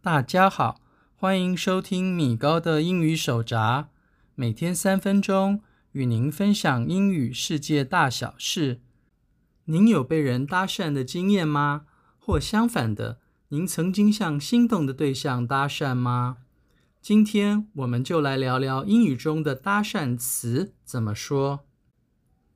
大家好，歡迎收聽米高的英語手札，每天三分鐘與您分享英語世界大小事。您有被人搭訕的經驗嗎？或相反的，您曾經向心動的對象搭訕嗎？今天我們就來聊聊英語中的搭訕詞怎麼說。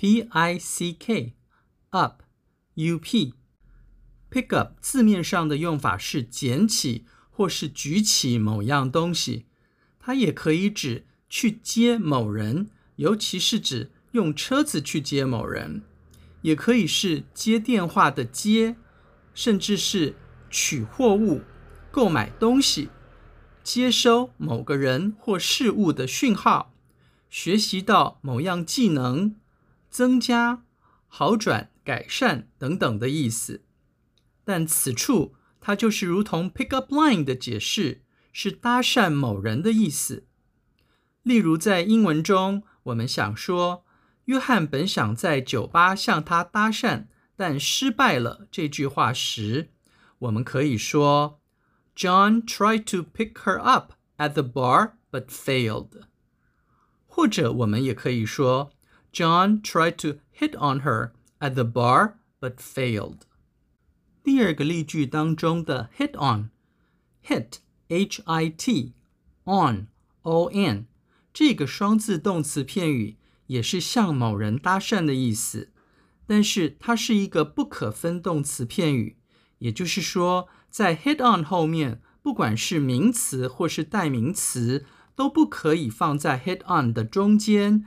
P I C K，up，U P，pick up 字面上的用法是撿起或是舉起某樣東西，它也可以指去接某人，尤其是指用車子去接某人，也可以是接電話的接，甚至是取貨物、購買東西、接收某個人或事物的訊號、學習到某樣技能、增加、好轉、改善等等的意思，但此處它就是如同 pick up line 的解釋，是搭訕某人的意思。例如，在英文中，我們想說約翰本想在酒吧向她搭訕，但失敗了這句話時，我們可以說 John tried to pick her up at the bar but failed。或者，我們也可以說。John tried to hit on her at the bar, but failed. 第二個例句當中的 hit on, hit, H-I-T, on, O-N，這個雙字動詞片語也是向某人搭訕的意思，但是它是一個不可分動詞片語，也就是說，在 hit on 後面，不管是名詞或是代名詞，都不可以放在 hit on 的中間。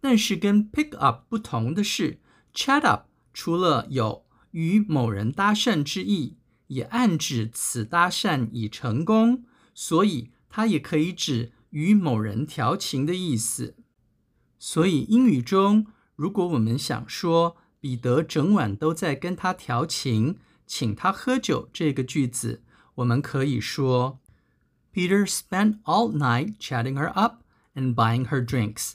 但是跟 pick up 不同的是，chat up 除了有與某人搭訕之意，也暗指此搭訕已成功，所以它也可以指與某人調情的意思。所以英語中，如果我們想說彼得整晚都在跟他調情，請他喝酒這個句子，我們可以說 Peter spent all night chatting her up and buying her drinks。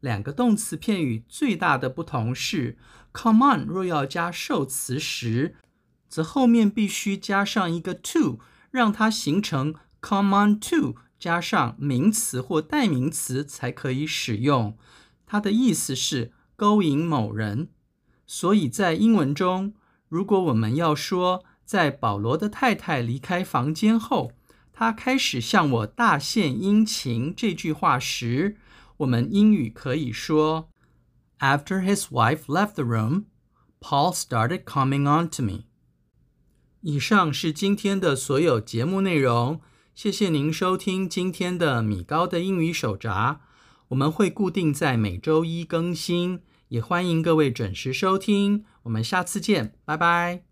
兩個動詞片語最大的不同是，come on 若要加受詞時，則後面必須加上一個 to，讓它形成 come on to，加上名詞或代名詞才可以使用。它的意思是勾引某人。所以在英文中，如果我們要說在保羅的太太離開房間後，他開始向我大獻殷勤這句話時，我們英語可以說：After his wife left the room, Paul started coming on to me。以上是今天的所有節目內容。謝謝您收聽今天的米高的英語手札。我們會固定在每周一更新，也歡迎各位準時收聽。我們下次見，拜拜。